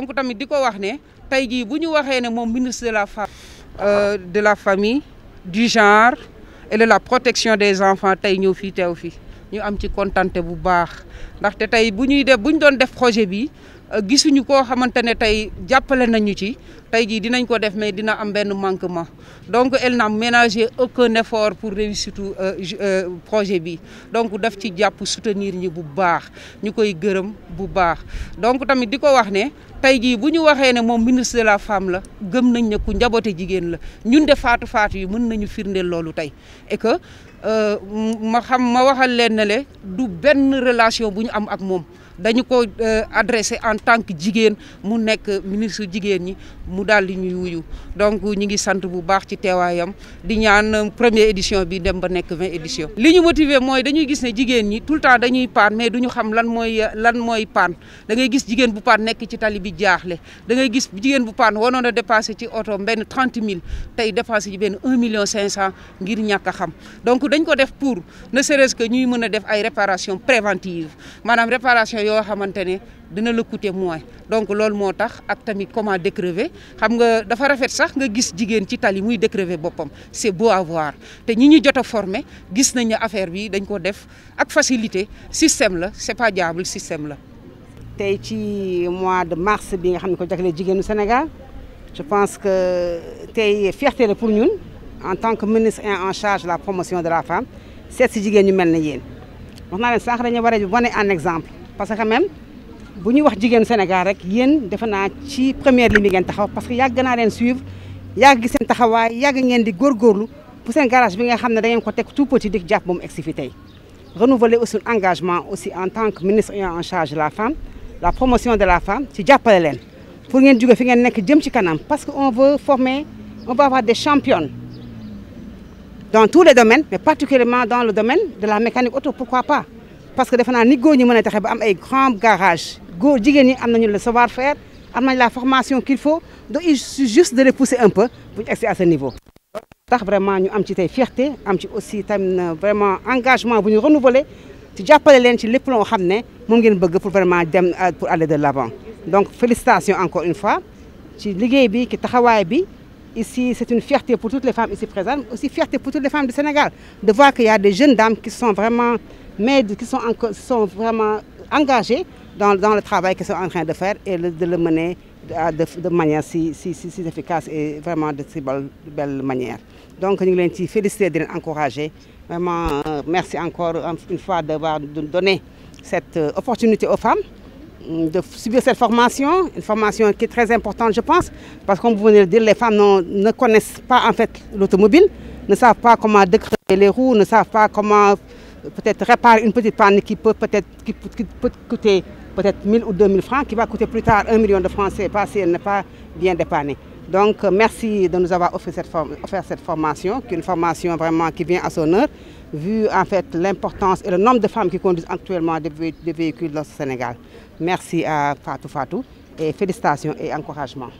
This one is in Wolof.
donc tamit ministre euh, de la famille du genre et de la protection des enfants Nous sommes de vous ñu am ci de bu baax Euh, gisuñu koo xamante ne tey jàppale nañu ci tey jii dinañ ko def mais dina am benn manquement donc elle n'a ménagé aucun effort pour réussir tout euh, euh, projet bi donc daf ci jàpp soutenir ñi bu baax ñu koy gërëm bu baax donc tamit di ko wax ne tey jii bu ñu waxee ne moom ministre la femme la gëm nañ ne ku njaboote jigéen la ñun de faatu faatu yi mun nañu firndeel loolu tey et que ma xam ma waxal leen le du benn relation bu ñu am ak moom dañu ko euh, adressé en tant que jigen mu nek ministre jigen ni mu dal li ñuy wuyu donc ñi ngi sante bu baax ci téwayam di ñaan première édition bi dem ba nek 20 édition li ñu motivé moy dañuy gis né jigen ni tout temps dañuy pan mais duñu xam lan moy lan moy pan da ngay gis jigen bu pan nek ci tali bi jaaxlé da ngay gis jigen bu pan wanoon dépasser ci auto ben 30000 tay dépasser ci ben 1 million 500 ngir ñaka xam donc dañ ko def pour ne serait-ce que ñuy mëna def ay réparation préventive manam réparation yo xamantene ne dina la coûter moins donc lool motax ak tamit comment décrever xam nga dafa rafet sax nga gis jigen ci tali muy décrever boppam c'est beau à voir té ñi ñi jot formé gis nañ affaire bi dañ ko def ak facilité système la c'est pas diable système la. tey ci mois de mars bi nga xamni ko jagleel jigenu Sénégal je pense que tey fierté la pour ñun en tant que ministre en charge de la promotion de la femme C'est si jigen ñu melni yeen wax naa leen sànq dañu war a wane en exemple parce que quand même si ñuy wax jigéen Sénégal rek yéen defe ci première ligne bi taxaw parce que yàgg naa leen suivre yàgg seen taxawaay yàgg vous di góorgóorlu pour un garage bi nga que vous da tout petit di jàpp moom renouveler aussi un engagement aussi en tant que ministre en charge de la femme la promotion de la femme c'est déjà pas pour ngeen jóge fi ngeen nekk jëm ci kanam parce que veut former on va avoir des champions. dans tous les domaines mais particulièrement dans le domaine de la mécanique auto pourquoi pas parce que defe ni ñi a am ay grand garage goor jigéen ñi le savoir faire am la formation qu'il faut donc il suffit juste de les pousser un peu pour accéder à ce niveau tax vraiment ñu am fierté am ci aussi vraiment engagement bu ñu renouveler ci jappalé len ci lepp lo xamné ne ngeen bëgg pour vraiment euh, pour aller de l'avant donc félicitations encore une fois ci liggéey bi ki ici c'est une fierté pour toutes les femmes ici présentes aussi fierté pour toutes les femmes du Sénégal de voir qu'il y a des jeunes dames qui sont vraiment mais qui sont, sont vraiment engagés dans, dans le travail qu'ils sont en train de faire et de le mener de, manière si, si, si, efficace et vraiment de très belle, manière. Donc nous les féliciter et encourager. Vraiment, euh, merci encore une fois d'avoir donné cette euh, opportunité aux femmes mm, de suivre cette formation, une formation qui est très importante, je pense, parce que comme vous venez de dire, les femmes ne connaissent pas en fait l'automobile, ne savent pas comment décréter les roues, ne savent pas comment peut-être réparer une petite panne qui peut peut-être coûter peut-être 1000 ou 2000 francs, qui va coûter plus tard 1 million de francs si elle n'est pas bien dépannée. Donc, euh, merci de nous avoir offert cette, formation, qui est une formation vraiment qui vient à son heure, vu en fait l'importance et le nombre de femmes qui conduisent actuellement des, véhicules dans le Sénégal. Merci à Fatou Fatou et félicitations et encouragement.